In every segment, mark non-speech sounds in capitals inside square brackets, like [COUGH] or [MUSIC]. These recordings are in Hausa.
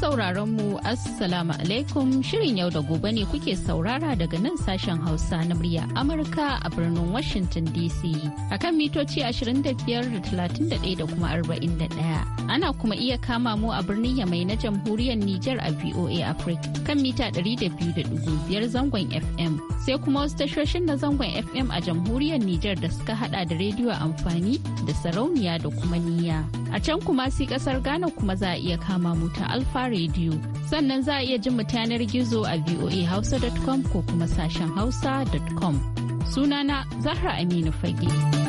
sauraron mu Assalamu alaikum shirin yau da gobe ne kuke saurara daga nan sashen Hausa na murya Amurka a birnin Washington DC a kan mitoci 25.31 da da kuma 41. Ana kuma iya kama mu a birnin Yamai na jamhuriyar Nijar a VOA Africa kan mita 200.5 zangon FM sai kuma wasu tashoshin na zangon FM a jamhuriyar Nijar da suka hada da rediyo amfani da sarauniya da kuma niya. A can kuma si kasar Ghana kuma za a iya kama mu ta Alfa rediyo sannan za a iya jin mutanen gizo a voahausa.com ko kuma sashen hausa.com sunana zahra aminu fage.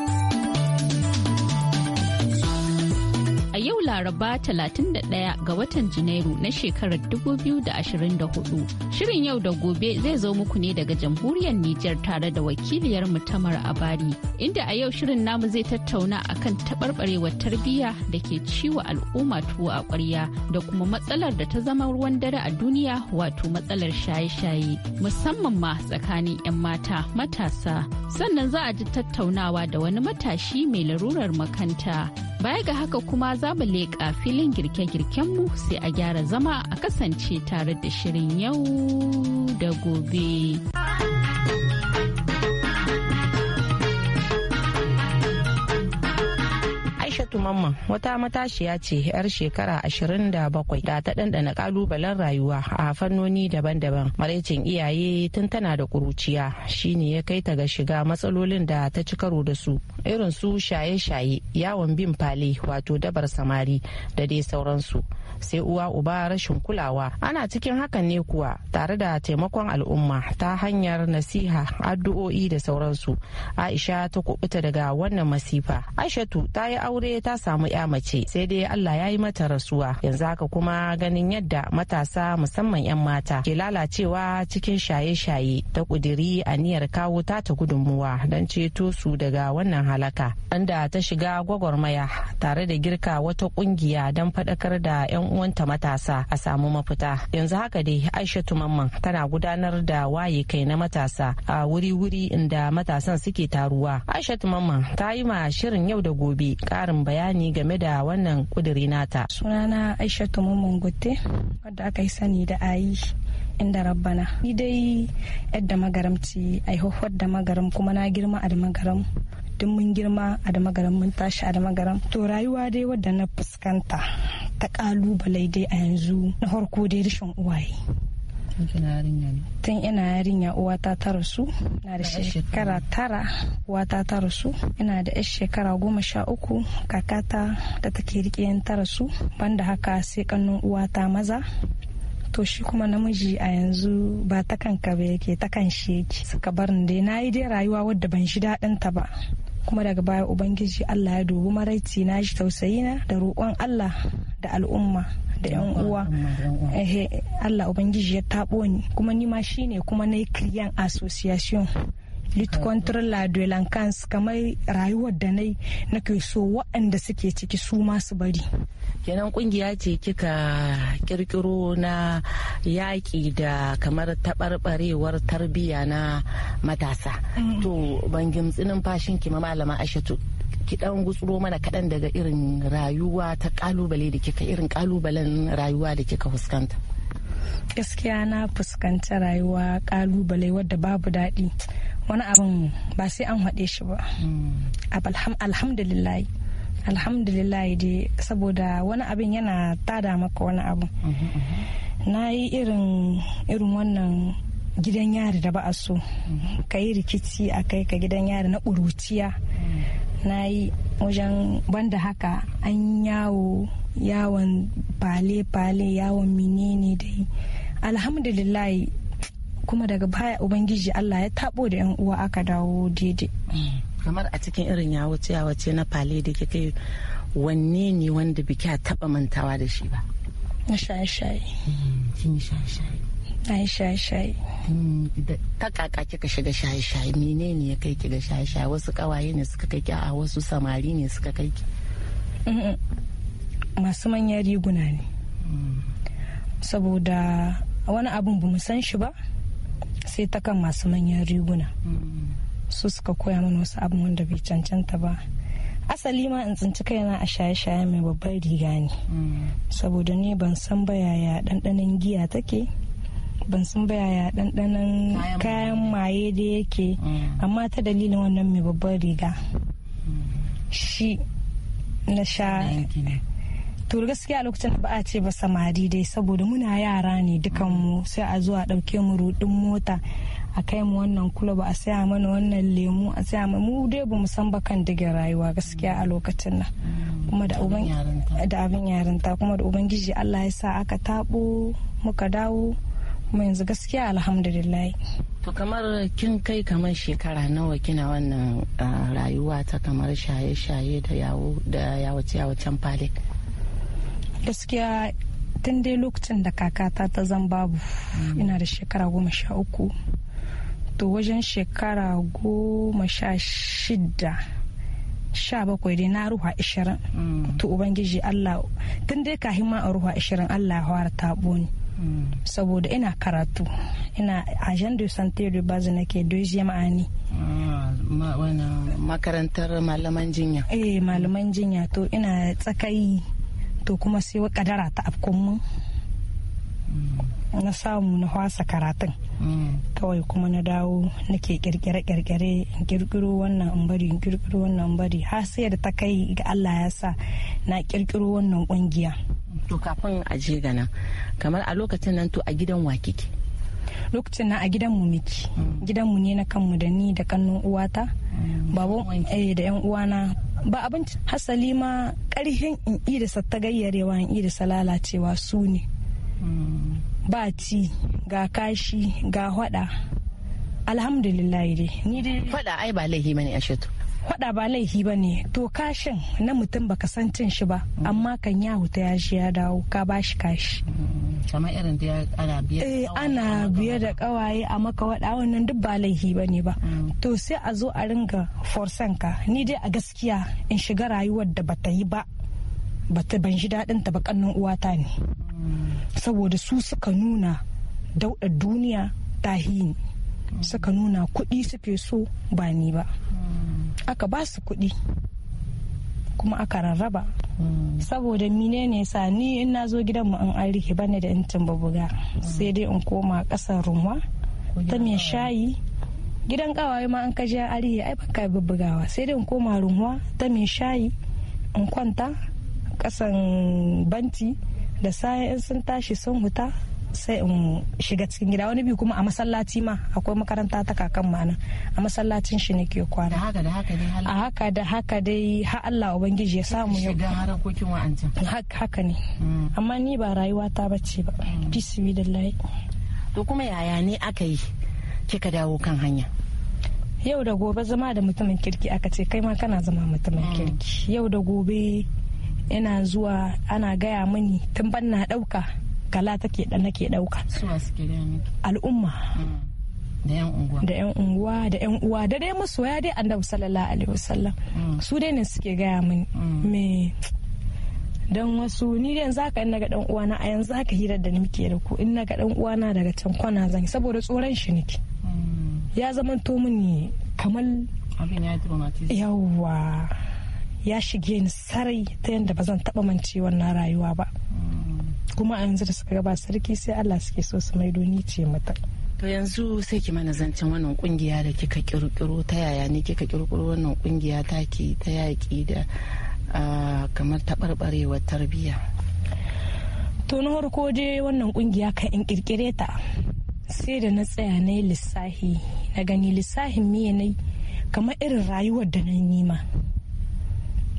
Laraba 31 ga watan Janairu na shekarar 2024. Shirin yau da gobe zai zo muku ne daga jamhuriyar Nijar tare da wakiliyar mutamar Abari, inda a yau shirin namu zai tattauna a kan taɓarɓarewar tarbiyya da ke ciwo al'umma tuwo a ƙwarya da kuma matsalar da ta zama ruwan dare a duniya wato matsalar shaye-shaye musamman ma tsakanin 'yan mata matasa sannan za a ji tattaunawa da wani matashi mai larurar makanta baya ga haka kuma za mu leƙa filin girke mu sai a gyara zama a kasance tare da shirin yau da gobe. Saratu mamma wata matashiya ce 'yar shekara 27 da ta ɗanɗana ƙalubalen rayuwa a fannoni daban-daban. Maraicin iyaye tun tana da ƙuruciya shine ya kai ta ga shiga matsalolin da ta ci karo da su irin su shaye-shaye yawon bin fale wato dabar samari da dai sauransu. sai uwa uba rashin kulawa ana cikin hakan ne kuwa tare da taimakon al'umma ta hanyar nasiha addu'o'i da sauransu aisha ta kubuta daga wannan masifa aishatu ta yi aure ta samu ya mace sai dai Allah ya yi mata rasuwa yanzu haka kuma ganin yadda matasa musamman 'yan mata ke lalacewa cikin shaye-shaye ta kudiri aniyar kawo tata gudunmuwa don ceto su daga wannan halaka wanda ta shiga gwagwarmaya tare da girka wata kungiya don faɗakar da 'yan uwanta matasa a samu mafita yanzu haka dai aishatu mamman tana gudanar da waye kai na matasa a wuri-wuri inda matasan suke taruwa aishatu mamman ta yi ma shirin yau da gobe ƙarin bayani game da wannan kuduri nata. Sunana Aisha Tumumun gote wadda aka yi sani da ayi inda rabbana. Ni dai yadda magaramci aihuhuwar da magaram kuma na girma a magaram. Duk mun girma a da magaram mun tashi a da magaram. To rayuwa dai wadda na fuskanta ta kalubale dai a yanzu na farko dai rashin uwaye. tun yarinya ne ina yarinya uwata ta rasu na da shekara tara uwata ta rasu ina da yar shekara goma sha uku kakata da take rike yan ta rasu banda haka sai kannun uwata maza to shi kuma namiji a yanzu ba ta kanka ba yake ta kan shi yake suka bar ni dai na yi dai rayuwa wadda ban shi daɗin ta ba kuma daga baya ubangiji allah ya dubi maraici na shi tausayi na da roƙon allah da al'umma da yan uwa Allah ubangiji ya taɓo ni kuma ni ma shine kuma na kiriyan association lit control la delancance kamar rayuwar da nai nake so waɗanda suke ciki su ma su bari kenan kungiya ce kika kirkiro na yaƙi da kamar tabarbarewar tarbiyya na matasa mm. to ban tsinin fashin ki malama aishatu kiɗan gutsuro mana kaɗan daga irin rayuwa ta kalubale da kika irin kalubalen rayuwa da kika fuskanta gaskiya na fuskanta rayuwa kalubale wadda babu daɗi wani abin ba sai an haɗe shi ba hmm. alhamdulillahi alhamdulillahi dai saboda wani abin yana tada maka wani abu na yi irin irin wannan gidan yari da ba a so ka yi rikici a kai ka gidan yari na ƙuruciya hmm. na yi wajen banda haka an yawo yawon fale-fale yawon menene yi alhamdulillah kuma daga baya ubangiji allah ya tabo da yan uwa aka dawo daidai kamar a cikin irin ya wuce na fale da kika yi wanne ne wanda biki a taba mantawa da shi ba na shaye-shaye hmm, ai shaye-shaye ta kaka kika shiga shaye-shaye menene ya kai ki ga shaye-shaye wasu kawaye ne suka kai ki a wasu samari ne suka kai ki masu manyan riguna ne saboda wani abun bamu san shi ba sai ta kan masu manyan riguna su suka koya mana wasu abin wanda bai cancanta ba asali ma in tsinci kaina a shaye-shaye mai babbar riga ne mm. saboda ne ban san ba yaya ɗanɗanon giya take ban san ba yaya ɗanɗanon kayan maye da yake mm. amma ta dalilin wannan mai babban riga mm. shi na sha to gaskiya a lokacin ba a ce ba samari dai saboda muna yara ne dukanmu mm. sai a zuwa ɗauke mu rudin mota a kai mu wannan kula ba a saya mana wannan lemu a saya mana mu dai ba mu san ba kan diga rayuwa gaskiya a lokacin nan kuma da abin yarinta kuma da ubangiji Allah ya sa aka taɓo muka dawo kuma yanzu gaskiya alhamdulillah to kamar kin kai kamar shekara nawa kina wannan rayuwa ta kamar shaye-shaye da yawo da yawace-yawacen fali gaskiya tun dai lokacin da kakata ta zan babu mm. ina da shekara goma sha uku to wajen shekara goma sha shida sha bakwai dai na ruwa ashirin mm. to ubangiji allah tun dai kahin ma a ruwa ashirin allah ya fara tabo ni saboda ina karatu ina agent de santé de base nake deuxième année ah, makarantar malaman jinya eh malaman jinya to ina tsakai to kuma sai kadara ta afkon mun na samu na hwasa karatun mm. kawai kuma na dawo nake kirkire-kirkire in kirkiro wannan in bari in kirkiro wannan in bari har sai da ta kai ga Allah ya sa na kirkiro wannan kungiya to kafin a je ga kamar a lokacin nan to a gidan wa kike lokacin nan a gidan mu miki mm. gidan mu ne na kanmu da ni da kannun uwata mm. baban eh, da yan uwana ba abinci hasali ma karhin in yi da ta gayyarewa in yi da lalacewa su ne mm. ba ci ga kashi ga hwada alhamdulillah dai ni dai hwada ai ba laihi bane ashatu hada ba laifi ba ne to kashin na mutum baka san cin shi ba amma kan ya huta ya shi ya dawo ka ba shi kashi kamar irin da eh, ana biye eh ana biye da kawaye a maka wada wannan duk ba laifi ba ne ba mm. to sai a zo a ringa forsan ka ni dai a gaskiya in shiga rayuwar da bata yi ba bata ban shi dadin ta ba uwata ne mm. saboda su suka nuna dauɗa duniya tahini suka nuna kuɗi suke so ba ni ba aka ba su kuɗi kuma aka rarraba hmm. saboda mine ne sa ni in na zo gidanmu in an rike bane da intin babuga hmm. sai dai in koma ƙasar runwa ta mai shayi gidan kawai ma an kaji arihe ai baka bubbugawa sai dai in koma runwa ta mai shayi in kwanta kasan banti da sayan sun tashi sun huta sai in shiga cikin gida wani biyu kuma a masallaci ma akwai makaranta ta kakan mana a masallacin shi ne ke kwana a haka da haka dai ha Allah ubangiji ya samu yau haka ne mm. amma ni ba rayuwa ta bace ba mm. bismillah to kuma yaya ne aka yi kika dawo kan hanya yau da gobe zama da mutumin kirki aka ce kai ma kana zama mutumin mm. kirki yau da gobe ina zuwa ana gaya mani tun ban na dauka kala take da nake dauka al'umma mm. da 'yan unguwa da 'yan uwa da dai masoya dai annabi sallallahu alaihi wasallam mm. su dai ne suke gaya mini mm. me dan wasu ni dai yanzu haka ina naga dan uwa na a yanzu haka hira da ni muke da ku in ga dan uwa na daga can kwana zan saboda tsoron shi nake ya zaman to mini kamar abin ya yawa ya shige ni sarai ta yadda ba zan taba mance wannan rayuwa ba kuma a yanzu da suka gaba sarki sai Allah suke so su maidoni ce mata to yanzu sai ki mana zancen wannan kungiya da kika kirkiro ta yaya ne kika kirkiro wannan kungiya ta ki ta yaki da kamar taɓarɓarewar tarbiyya to na farko je wannan kungiya ka in kirkire ta sai da na tsaya na yi lissahi na gani lissahin miye na kamar irin rayuwar da na yi ma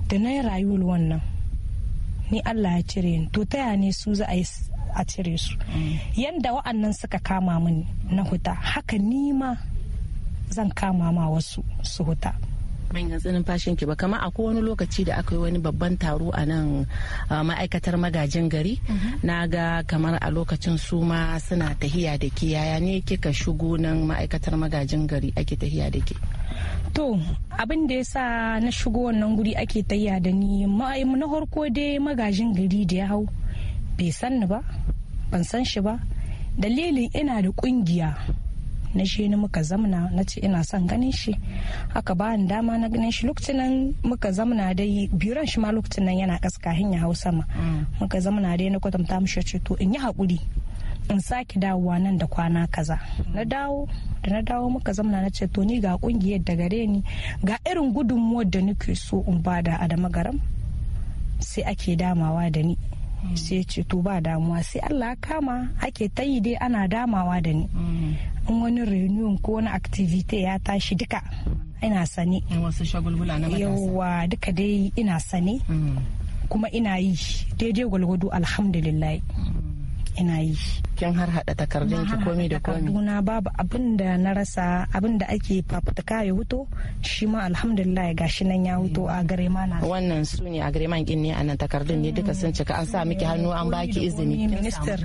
da na yi rayuwar wannan ni Allah ya cire ni to taya ne su za a yi a cire su yanda wa'annan suka kama mini na huta haka ni ma zan kama ma wasu su huta ban yanzu fashin ki ba kamar akwai wani lokaci da aka yi wani babban taro a nan ma'aikatar magajin gari mhm. na ga kamar a lokacin su ma suna tahiya da ke yaya ne kika shigo nan ma'aikatar magajin gari ake tahiya da ke To abin da ya sa na shigo wannan guri ake tayya da ni na harko dai magajin gari da ya hau bai san ni ba ban san shi ba dalilin ina da kungiya na shi ni muka zamna na ce ina son ganin shi haka ba ni dama na ganin shi lokacin nan muka zamna dai biran shi ma lokacin nan yana kaska hanya hau sama mm. muka zamna dai na kwatanta mishi ce to in yi hakuri. in sake dawowa nan da kwana kaza na dawo da na dawo muka zamana na ce to ni ga kungiyar da gare ni ga irin gudunmuwar da nake so in bada a da magaram sai ake damawa da ni sai ce to ba damuwa sai allah kama ake ta yi dai ana damawa da ni in wani reunion ko wani activity ya tashi duka ina sane wasu shagulgula na yawa duka dai ina sani mm. kuma ina yi daidai gwalgwado alhamdulillah ina yi kin har hada takardun ki komai da komai takarduna babu abin da na rasa abin da ake fafutuka ya wuto shi ma alhamdulillah gashi nan ya wuto a gare ma na wannan su ne a gare ma ne a nan takardun ne duka sun cika an sa miki hannu an baki izini minister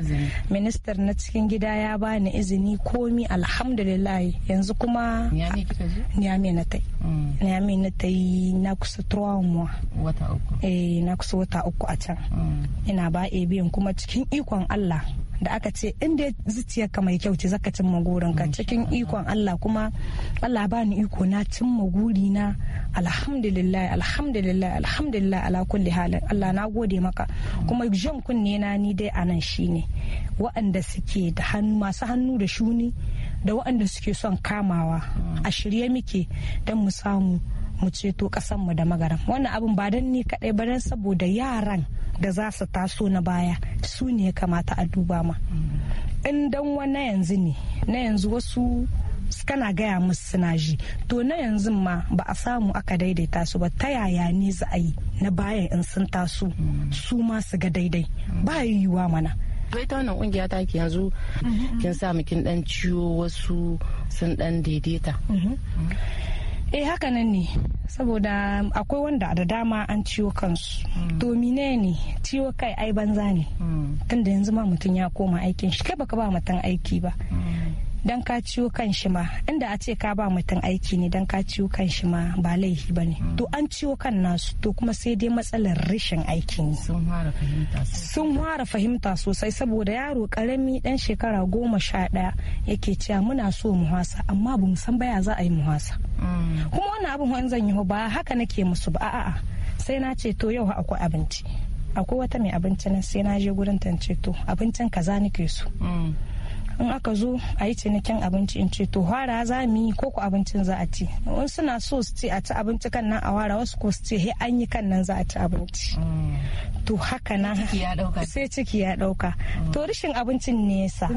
minister na cikin gida ya bani izini komi alhamdulillah yanzu kuma niyami kika je niyami na tai mm. niyami na tai na kusa trois mois wata uku eh na kusa wata uku a can mm. ina ba biyan kuma cikin ikon Allah da aka ce inda zuciyar ka mai kyau ce zaka cimma gurin ka cikin ikon Allah kuma Allah ba ni iko na cimma guri na alhamdulillah alhamdulillah alhamdulillah ala kulli halin Allah na gode maka kuma jan kunne na ni dai anan shine waɗanda suke da hannu masu hannu da shuni da waɗanda suke son kamawa a shirye muke don mu samu mu ceto mu da magaran wannan abin ba don ni kaɗai ba don saboda yaran da za su taso na baya su ne ya kamata a duba ma in dan wani yanzu ne na yanzu wasu kana gaya musu suna ji to na yanzu ma ba a samu aka daidaita su ba ta yaya ne za a yi na bayan in sun taso su ma su ga daidai ba yiwuwa mana sai ta wannan kungiya ta ki yanzu mhm. kin sa kin dan ciwo wasu sun dan daidaita mhm. eh haka nan ne saboda akwai wanda da dama an ciwo kansu hmm. to mine ne ciwo kai ai banza ne hmm. tunda yanzu ma mutum ya koma aikin shi kai baka ba mutum aiki ba hmm. dan ka ciwo kan shi ma inda a ce ka ba mutum aiki ne dan ka ciwo kan shi ma ba laifi ba ne hmm. to an ciwo kan nasu to kuma sai dai matsalar rashin aiki ne sun fara fahimta sosai saboda yaro karami dan shekara goma sha ɗaya yake cewa muna so mu hasa amma ba san baya za a yi mu hasa hmm. kuma wannan abin wani zan yi ba haka nake musu ba a'a sai na ce to yau akwai abinci akwai wata mai abinci na sai na je gurin tance to abincin kaza nake so hmm. in aka zo a yi cinikin abinci in ce to hara za mu yi ko abincin za a ci in suna so su ce a ci abinci kan nan a wara wasu ko su ce he an yi kan nan za a ci abinci mm. to haka na [LAUGHS] sai ciki ya dauka mm. to rashin abincin ne yasa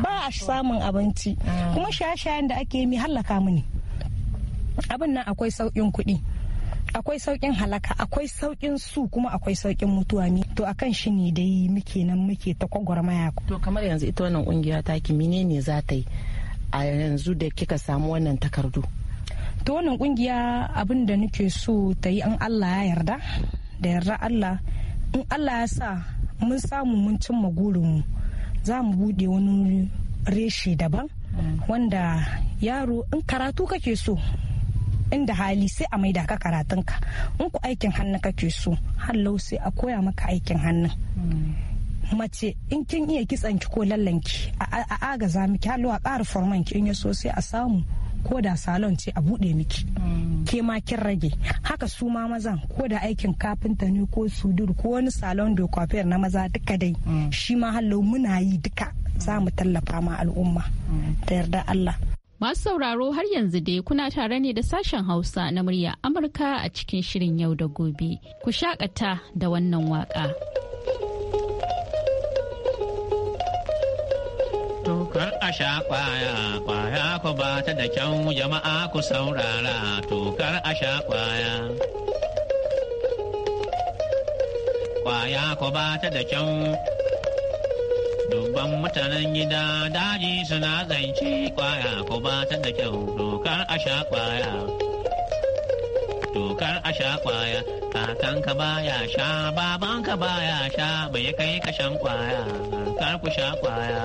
ba a samun abinci mm. kuma shaye-shayen da ake yi mi hallaka mu ne abin nan akwai sauƙin kuɗi akwai saukin halaka akwai saukin su kuma akwai saukin mutuwa ne to akan shi ne dai muke nan muke ta kwagwarmaya to kamar yanzu ita wannan kungiya ta ki menene za ta yi a yanzu da kika samu wannan takardu to wannan kungiya abin da nake so ta yi an Allah ya yarda da yarda Allah in Allah ya sa mun samu mun cimma mu za mu bude wani reshe daban mm. wanda yaro in karatu kake so inda hali sai a maida ka karatun ka in ku aikin hannu kake so hallau sai a koya maka aikin hannun mace in kin iya kitsanki ko lallanki a agaza miki hallau a ƙara forman ki in ya so sai a samu ko da salon ce a buɗe miki ke ma kin rage haka su ma mazan ko da aikin kafinta ne ko sudur ko wani salon dokwafiyar na maza duka dai mm. shi ma hallau muna yi duka za mu tallafa ma al'umma Ta mm. yarda Allah Masu sauraro har yanzu dai kuna tare ne da sashen Hausa na murya Amurka a cikin shirin yau da gobe. Ku shakata da wannan waka. Tokar a sha kwaya, kwaya ku ba ta da kyau jama'a ku saurara, tokar a sha kwaya. Kwaya ku ba ta da kyau dubban mutanen gida daji suna zance kwaya ko ba ta da kyau dokar a sha kwaya. Dokar a sha kwaya, kakanka baya sha, babanka baya sha, bai kai kashan kwaya, kar ku sha kwaya.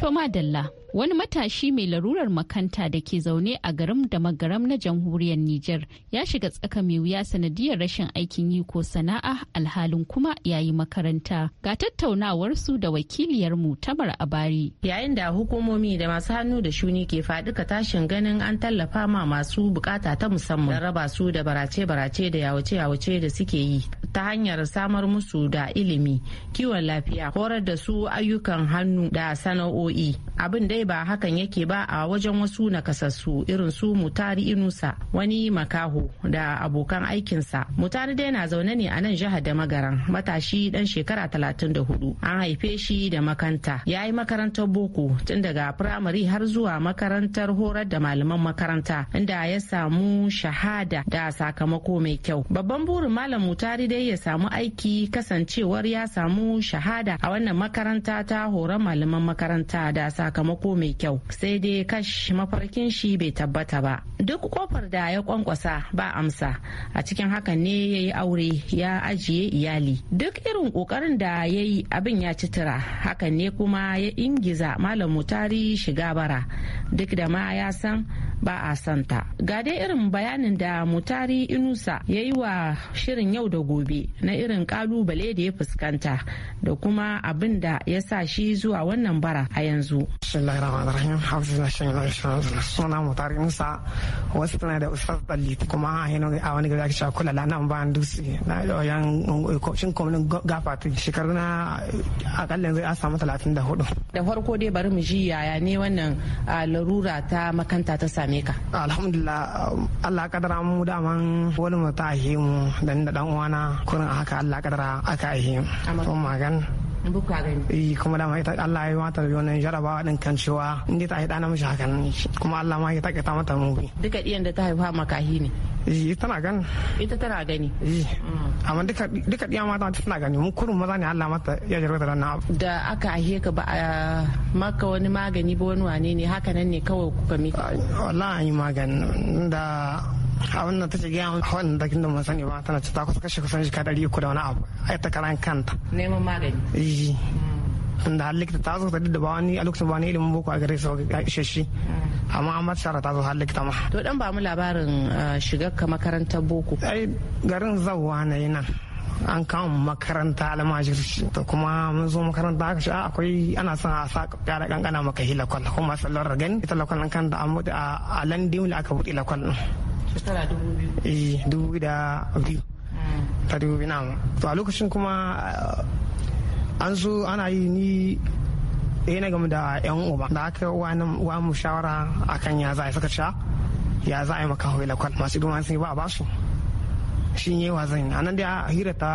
To madalla. wani matashi mai larurar makanta da ke zaune a garin da magaram na jamhuriyar Nijar ya shiga tsaka mai wuya sanadiyar rashin aikin yi ko sana'a alhalin kuma yayi makaranta ga tattaunawar su da wakiliyar mu Tamar Abari. Yayin da hukumomi da masu hannu da shuni ke faɗuka tashin ganin an tallafa ma masu bukata ta musamman raba su da barace-barace da yawace-yawace da suke yi ta hanyar samar musu da ilimi, kiwon lafiya, horar da su ayyukan hannu da sana'o'i. Abin dai dai ba hakan yake ba a wajen wasu nakasassu irin su mutari inusa wani makaho da abokan aikinsa mutari dai na zaune ne a nan jihar da magaran matashi dan shekara 34 an haife shi da makanta ya yi makarantar boko tun daga firamare har zuwa makarantar horar da malaman makaranta inda ya samu shahada da sakamako mai kyau babban burin malam mutari dai ya samu aiki kasancewar ya samu shahada a wannan makaranta ta horar malaman makaranta da sakamako mai kyau sai dai kash mafarkin shi bai tabbata ba duk kofar da ya kwankwasa ba amsa a cikin hakan ne ya yi aure ya ajiye iyali duk irin kokarin da ya yi abin ya ci tura hakan ne kuma ya ingiza malam mutari shiga bara duk da ma ya san ba a santa ga dai irin bayanin da mutari inusa ya yi wa shirin yau da gobe na irin kalubale da ya fuskanta da kuma abin da ya sa shi zuwa wannan bara a yanzu suna mutari inusa wasu tana da ustaz dalli kuma a wani gari ake shakula la nan bayan dutse na yan kocin kwamnin gafati shekaru na akalla yanzu a samu talatin da hudu da farko dai bari mu ji yaya ne wannan larura ta makanta ta sami same ka alhamdulillah um, Allah kadara mu daman wani mu ta ahimu da ni da dan uwana kurin haka Allah kadara aka aihe mu magan eh kuma da mai Allah ya mata wannan jaraba din kan cewa in dai ta haida na hakan kuma Allah ma ya takaita mata mu duka diyan da ta haifa makahi ne eh tana gani ita tana gani eh mm. amma duka duka diyan mata tana gani mun kurun maza ne Allah mata ya jarrata da na da aka ahe ka ba maka wani magani ba wani wane ne haka nan ne kawai kuka miki wallahi magani da abin da ta gaya wannan da kinda mun sani ba tana ce ta kusa kashe kusan shi ɗari uku da wani abu ai ta karan kanta neman magani eh tunda halitta likita ta zo ta da ba wani a lokacin ba wani ilimin boko a gare su ga isheshi mm. amma an mata shara ta zo halitta likita ma to dan ba mu labarin uh, shigar ka makarantar boko ai garin zawwa na yana an kawo makaranta almajirci to kuma mun zo makaranta aka ce ah, akwai ana son a sa kara kankana maka hilakwal kuma sallar gani ita lakwal kan da a landin da aka buɗe lakwal shekara dubu biyu eh dubu da biyu ta hmm. dubu biyu na to a lokacin kuma eh, an zo ana yi ni eh na game da yan uba da aka uwa nan uwa mu shawara akan ya za a saka sha ya za a yi maka hoyi lakwal masu ido sun yi ba a basu shi ne wa zan yi nan da a hira ta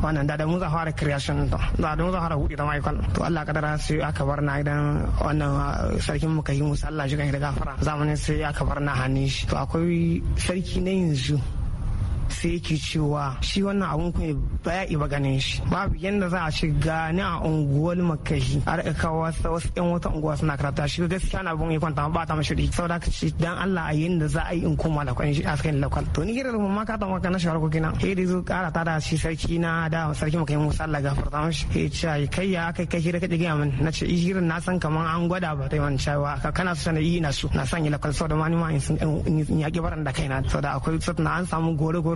wannan da da mun za fara creation da da don za fara hudu da ma'aikal to Allah kadara sai aka bar na idan wannan ah, sarkin mu yi musu Allah shi kan da gafara zamanin sai aka bar na hannun shi to akwai sarki na yanzu sai ke cewa shi wannan abun kuma baya iba ganin shi babu yanda za a ci gani a unguwar makashi har ka wasu wasu yan wata unguwa suna karata shi gaskiya na abun ya kwanta ba ta mashi saboda ka ce dan Allah a yanda za a yi in koma da kwanci a cikin lokal to ni kira da mamma ka ta maka na shawar kokina he da zo kara ta da shi sarki na da sarki maka yi musa Allah gafarta mashi ke ce kai ya kai kai hira ka dige min na ce hirin na san kaman an gwada ba ta yi wani cewa ka kana so na yi na su na sanya lakwal saboda ma ni ma in yaki baran da kaina saboda akwai na an samu gore gore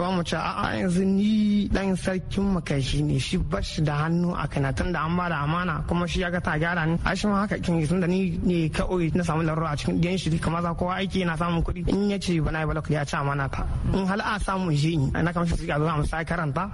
mu ce a'a yanzu ni dan sarkin makashi ne shi bashi da hannu a kanatan da an bada amana kuma shi ya ga ta gyara ni a shi ma haka kin da ni ne kawai na samu larura a cikin diyan shi kamar za kowa aiki yana samun kuɗi in ya ce bana yi balak ya ci amana ta in hal'a a samu shi na kamar shi a zo a musaya karanta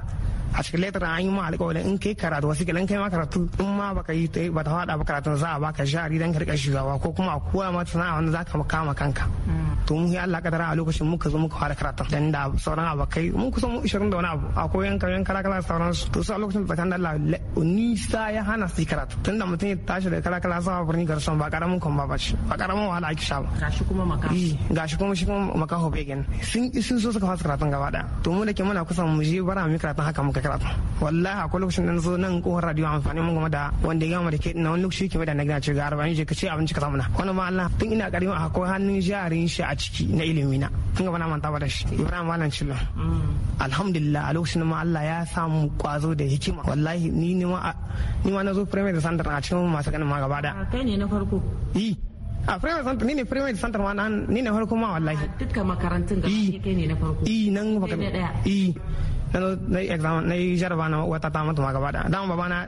a cikin letter an yi ma alƙawarin in kai karatu wasu kilan kai ma karatu in ma baka yi ta ba ta fada ba karatun za a baka shari dan ka rika shugaba ko kuma a koya ma sana'a wanda za ka kama kanka mm. to mun yi Allah kadara a lokacin muka zo muka fara karatu dan da sauran abakai mun kusan 20 da wani abu a koyan kan kala kala sauran su to sai a lokacin tsakanin Allah nisa ya hana su karatu tunda mutum ya tashi da kala kala sa birni garson ba karamin kon ba ba ba karamin wahala ake sha ba gashi kuma makaho eh, gashi kuma shi kuma makaho begin sun sun so suka fara karatun gaba daya to mu da ke muna kusan mu je bara mu karatun haka muka ta karatu wallahi akwai lokacin da zo nan kohar radio amfani mun game da wanda ya gama da ke na wani lokaci ke da na gina ce ga arba'in je ka ce abinci ka samu na wani ma Allah tun ina karin a akwai hannun jarin shi a ciki na ilimi na tun gaba na manta ba da shi Ibrahim Malam cilo mm. alhamdulillah a lokacin ma Allah ya samu kwazo da hikima wallahi ni ne ma ni ma na zo primary da sandar a cikin masu ganin ma gaba da kai ne na farko yi a primary center ni ne primary center ma nan ni ne farko ma wallahi dukkan makarantun da kai ne na farko i nan daya i na yi exam na yi jaraba na wata ta mutu ma gaba da dan babana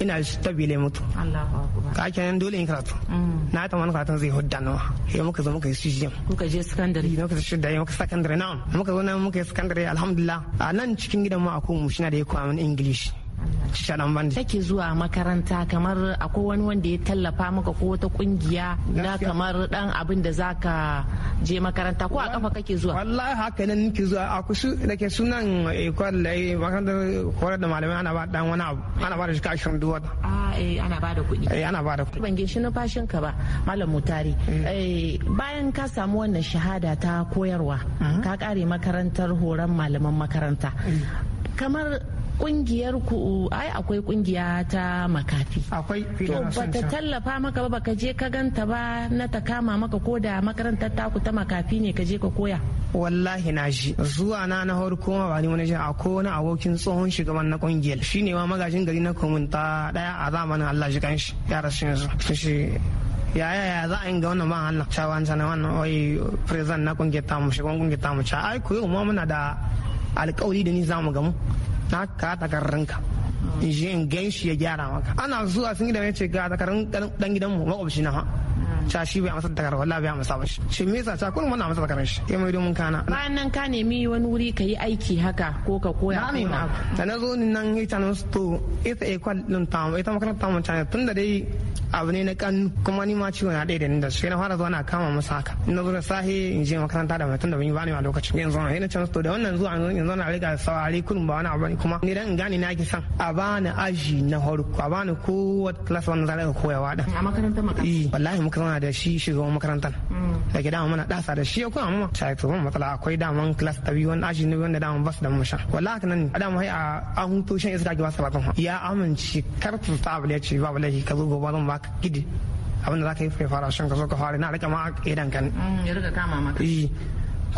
ina stabile mutu Allahu. ka ake nan dole in karatu mm. na ta wani karatun zai hudda nawa Yau muka zo muka yi su jim muka je secondary muka je shidda muka secondary na muka zo na muka yi secondary alhamdulillah a nan cikin gidan mu akwai mu shi na da ya koya mini english shaɗan bandi take zuwa makaranta kamar akwai wani wanda ya tallafa maka ko wata kungiya na kamar dan abin da zaka je makaranta ko a kafa kake zuwa wallahi haka nan nake zuwa a kusu nake sunan eh, kwallaye eh, makarantar horar da malamai ana ba dan wani abu ana ba da shi kashin duwar eh ana ba da kuɗi eh ana ba da kuɗi ban gishi numfashin ka ba malam mutari mm. eh, bayan ka samu wannan shahada ta koyarwa mm. ka kare makarantar horon malaman makaranta mm. kamar kungiyar ku ai akwai kungiya ta makafi akwai to bata tallafa maka ba baka je ka ganta ba na ta kama maka ko da makarantar ta ku ta makafi ne ka je ka koya wallahi na shi zuwa na na farko ma ba ni wani jin akwai wani abokin tsohon shugaban na kungiyar shine ma magajin gari na ta daya a zamanin Allah shi kanshi ya rasu yanzu ya ya ya za a yi ga wannan ban Allah cewa an sanar wannan oi president na kungiyar mu shugaban kungiyar mu cha ai koyo ma muna da alƙawari da ni za mu gamu na ka takarrinka in shi in gan shi ya gyara maka ana zuwa sun gidan ya ce ga takarrin dan mu makwabci na ha ca shi bai amsa takarar wallahi bai amsa ba shi shi me yasa ca kullum wannan amsa takarar shi ya mai domin kana bayan nan ka nemi wani wuri ka yi aiki haka ko ka koya ko na ku da na zo ni nan ita nan to ita ekwal din ta ita makarantar ta tun da dai abu ne na kan kuma ni ma ciwo na ɗaya da ni da shi na fara zuwa na kama masa haka in na zo da sahi in je makaranta da mutum da ban bani a lokacin yanzu na ina can to da wannan zuwa yanzu na riga saurari kurun ba wani abu ne kuma ni dan in gane na ki san a bani aji na farko a bani ko class wani zan riga koyawa da a makarantar makaranta eh, wallahi muka zauna da shi shi zuwa makarantar mm. da ke dama mana ɗasa da shi ya kuma amma sai to ban matsala akwai daman class ta biyu wani aji ne wanda dama bas da mu sha wallahi nan a dama hai a an huto shan iska ki ba sa ba ya amince kar ta abu ne ce ba wallahi ka zo gobe zan ba Ka gidi abinda za ka yi shan ka zo ka fara na rika ma idan kan ya rika kama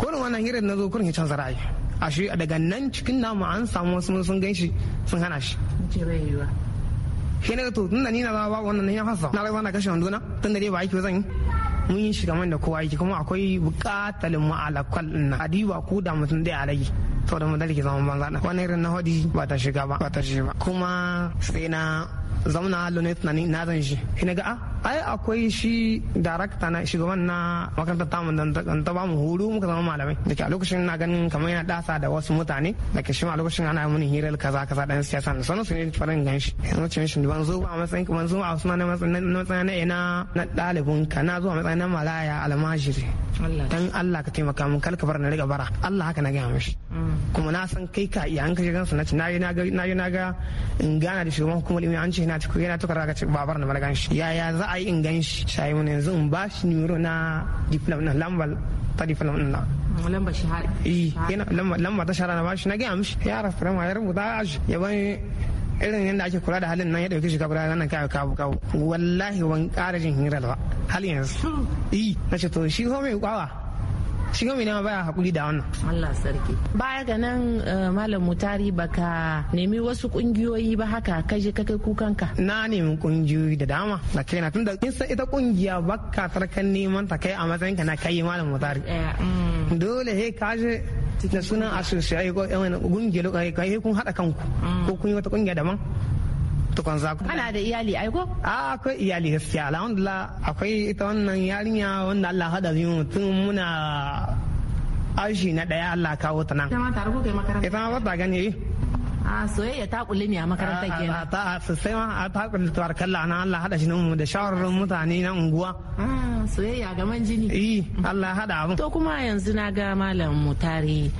wannan hirar na zo kurin ya canza ra'ayi a shi daga nan cikin namu an samu wasu sun gan shi sun hana shi shi ne to tunda ni na zama babu wannan ya fasa na zama na kashe tun tunda dai ba aiki zan yi mun yi shi kamar da kowa yake kuma akwai bukatar ma'alakwal na adiba ko da mutum dai a rage saboda mu dalike zaman banza na. wannan irin na hodi ba ta shiga ba ba ta shiga ba kuma sai na zauna hallo ne tunani na zan shi ki na ga a ah, ai akwai shi darakta na shugaban na makarantar tamu dan ta mu horo muka zama malamai da ke a lokacin na ganin kamar yana dasa da wasu mutane da ke shi a lokacin ana mini hirar kaza kaza dan siyasa na sanin su ne farin gan shi yanzu ce shi ban zo ba matsayin ban zo a suna na matsayin na ina na dalibin ka na zo a matsayin na malaya almajiri dan Allah ka taimaka min kalka ka bar na riga bara Allah haka na gaya mishi mm. kuma na san kai ka iya an kashe gansu na ci na yi na ga in gana da shugaban hukumar ilimi an ce yana ko yana tukar ka ce babar na malagan shi yaya za a yi in gan shayi mun yanzu in ba shi neuro na diplom na lambar ta diplom na lambar shahara eh, yana ta shahara na ba shi na gaya mishi ya rafa ya rubuta shi ya bani irin yadda ake kula da halin nan ya dauke shi kabura nan kawo kawo kawo wallahi wani karajin hira hirar ba halin yanzu i [LAUGHS] eh, na ce to shi ko mai kwawa shi mai nema baya hakuri da wannan Allah sarki baya ga nan eh, malam mutari baka nemi wasu kungiyoyi ba haka ka je ka kai kukanka na nemi kungiyoyi da dama na kai na tunda kin san ita kungiya baka tarkan neman ta kai a matsayin ka na kai malam mutari eh, mm. dole he ka je da sunan asosiyayi ko yan eh, kungiyar kai kun hada kanku mm. ko kun yi wata kungiya daban tukun za ku ana da iyali ai ko a akwai iyali gaskiya alhamdulillah akwai ita wannan yarinya wanda Allah hada yin tun muna aji na daya Allah kawo ta nan ita ma tare ko kai makaranta ita ma ba ta gani a soyayya ta kulli a makaranta kenan ta sosai ma a ta kulli tuwar na Allah hada shi mu da shawarar mutane na unguwa soyayya ga man jini eh, Allah hada abu to kuma yanzu na ga malam mutari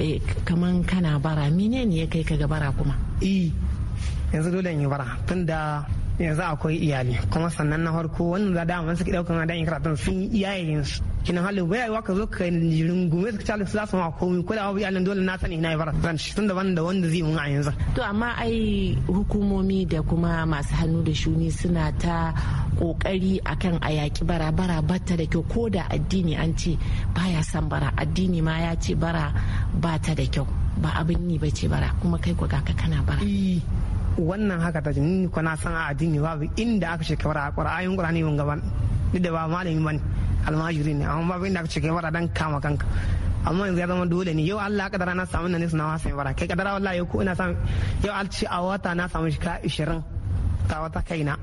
eh, kaman kana bara menene ya kai ka ga bara kuma eh yanzu dole in yi bara tunda yanzu akwai iyali kuma sannan na farko wannan za dama suke daukan da yin karatun sun yi iyayen su kina halin bai yawa ka zo ka gume su cali su za su ma komai ko da abu iyalin dole na sani na yi bara zan shi tun daban da wanda zai mun a yanzu. to amma ai hukumomi da kuma masu hannu da shuni suna ta kokari akan a yaki bara bara bata da kyau ko da addini an ce baya san bara addini ma ya ce bara bata da kyau ba abin ba bace bara kuma kai ga ka kana bara eh, wannan haka ta jini ko na san a addini babu inda aka ce kawara qur'anin qur'ani mun gaban duk da ba malami bane almajiri ne amma babu inda aka ce kawara dan kama kanka amma yanzu ya zama dole ne yau Allah ya kadara na samu nan suna wasa bara kai kadara wallahi yau ko ina samu yau alci a wata na samu shi ka 20 ta wata kaina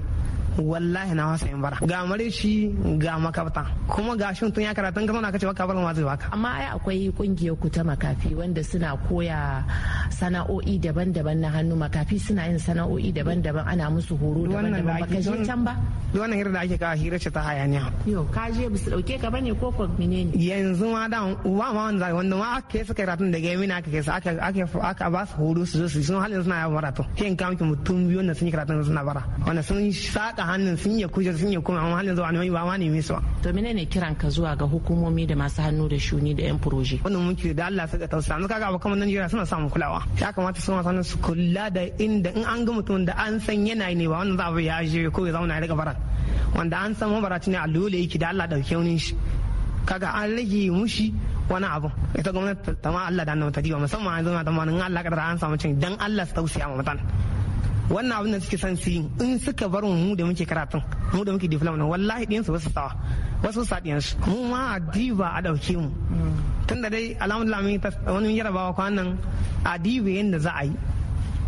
wallahi na wasa in bara ga mare shi ga makabta kuma ga shi tun ya karatun ka zauna ka ce baka bar ma zai baka amma ai akwai kungiyar ku ta makafi wanda suna koya sana'o'i daban-daban na hannu makafi suna yin sana'o'i daban-daban ana musu horo daban-daban baka je can ba wannan hira da ake kawo hira ce ta hayaniya yo ka je bisu dauke ka bane ko ko menene yanzu ma da wa ma wanda wanda ma aka yi karatun da gami na ake kai aka aka aka ba su horo su zo su sun halin suna yawan bara to kin ka miki mutum biyu wanda sun yi karatun suna bara wanda sun saka hannun sun iya kushe sun iya kuma amma hannun zuwa ne ba ma ne su to menene kiran ka zuwa ga hukumomi da masu hannu da shuni da yan proje. wannan muke da Allah saka tausa mu kaga abokan Najeriya suna samun kulawa ya kamata su masu su kula da inda in an ga mutum da an san yana ne ba wannan za a ya je ko ya zauna ya riga baran wanda an san mabaraci ne a lole yake da Allah dauke wani shi kaga an rage mushi wani abu ita gwamnati ta ma Allah da annabi ta diba musamman yanzu ma tamanin Allah kadar an samu cin dan Allah su tausaya ma mutane wannan abin da suke son su yi in suka bar mu da muke karatun mu da muke diploma wallahi ɗiyan su wasu sawa wasu sa ɗiyan su mu ma adiba a dauke mu tun da dai alhamdulillah mun wani yarabawa kwanan adiba yadda za a yi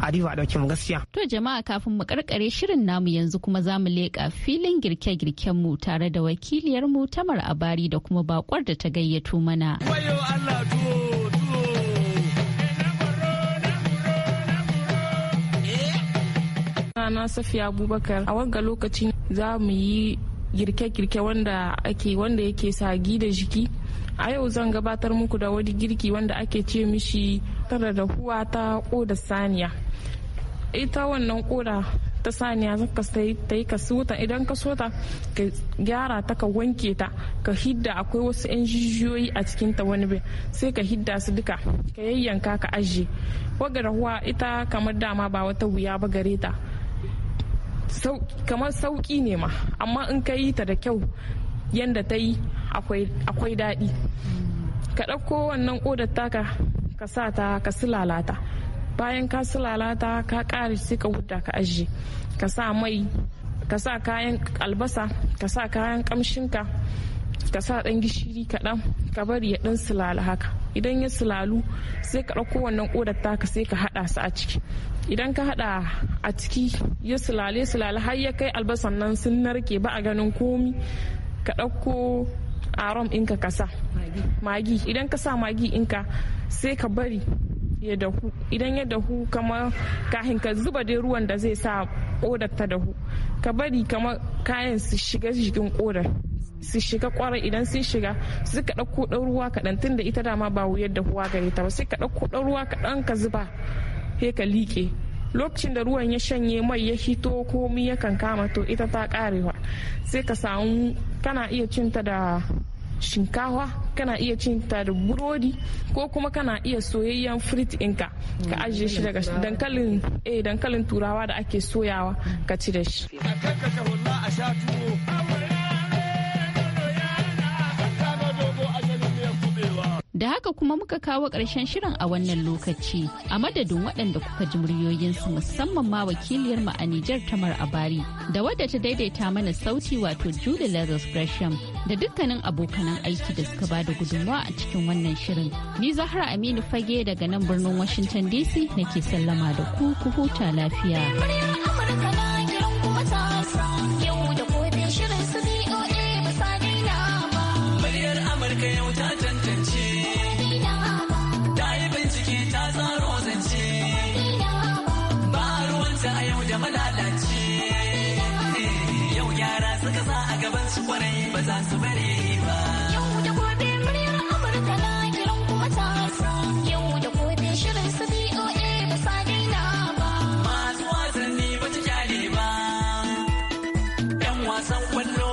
Adiba dauke mu gaskiya. To jama'a kafin mu karkare shirin namu yanzu kuma za mu leƙa filin girke-girken mu tare da wakiliyar mu Tamar Abari da kuma bakwar da ta gayyato mana. Allah na safiya abubakar a wanga lokacin za mu yi girke-girke wanda ake wanda yake sagi da jiki a yau zan gabatar muku da wani girki wanda ake ce mishi tara da huwa ta koda saniya ita wannan koda ta saniya zaka sai ta yi kasuta idan ka sota ka gyara ta ka wanke ta ka hidda akwai wasu 'yan jijiyoyi a cikin ta wani bai sai ka hidda su duka ka yayyanka ka ajiye wagarahuwa ita kamar dama ba wata wuya ba gare ta kamar sauki ne ma amma in ka yi ta da kyau yadda ta yi akwai daɗi ka ɗauko wannan ƙodar taka ka sa ta ka sulalata bayan ka sulalata ka ƙare sai ka huta ka ajiye ka sa mai ka sa kayan albasa ka sa kayan ƙamshinka ka sa ɗan gishiri kaɗan ka bari ya ɗan sulala haka idan ya sulalu sai ka ɗauko wannan ƙodar taka sai ka haɗa su a ciki idan ka haɗa a ciki ya sulale sulale har ya kai albasan nan sun narke ba a ganin komi ka ɗauko aron ɗinka ka sa magi idan ka sa magi ɗinka sai ka bari ya dahu idan ya dahu kamar kahin ka zuba dai ruwan da zai sa ƙodar ta dahu ka bari kamar kayan su shiga jikin ƙodar su shiga kwarai idan sun shiga su ka ɗauko ɗan ruwa kaɗan tun da ita dama ba wuyar da huwa gare ta ba sai ka ɗauko ɗan ruwa kaɗan ka zuba sai ka liƙe lokacin da ruwan ya shanye mai ya hito komi ya kankama to ita ta karewa sai ka samu kana iya cinta da shinkawa kana iya cinta da burodi ko kuma kana iya soyayyen frit inka ka ajiye shi daga dankalin eh dankalin turawa da ake soyawa ka ci da shi Da haka kuma muka kawo ƙarshen shirin a wannan lokaci a madadin waɗanda kuka ji muryoyinsu musamman ma wakiliyar mu a Nijar Tamar Abari da wadda ta daidaita mana sauti wato Julie Lazarus Gresham da dukkanin abokanan aiki da suka bada gudunmawa a cikin wannan shirin. Ni Zahra Aminu Fage daga nan birnin Washington DC nake sallama da ku ku huta lafiya.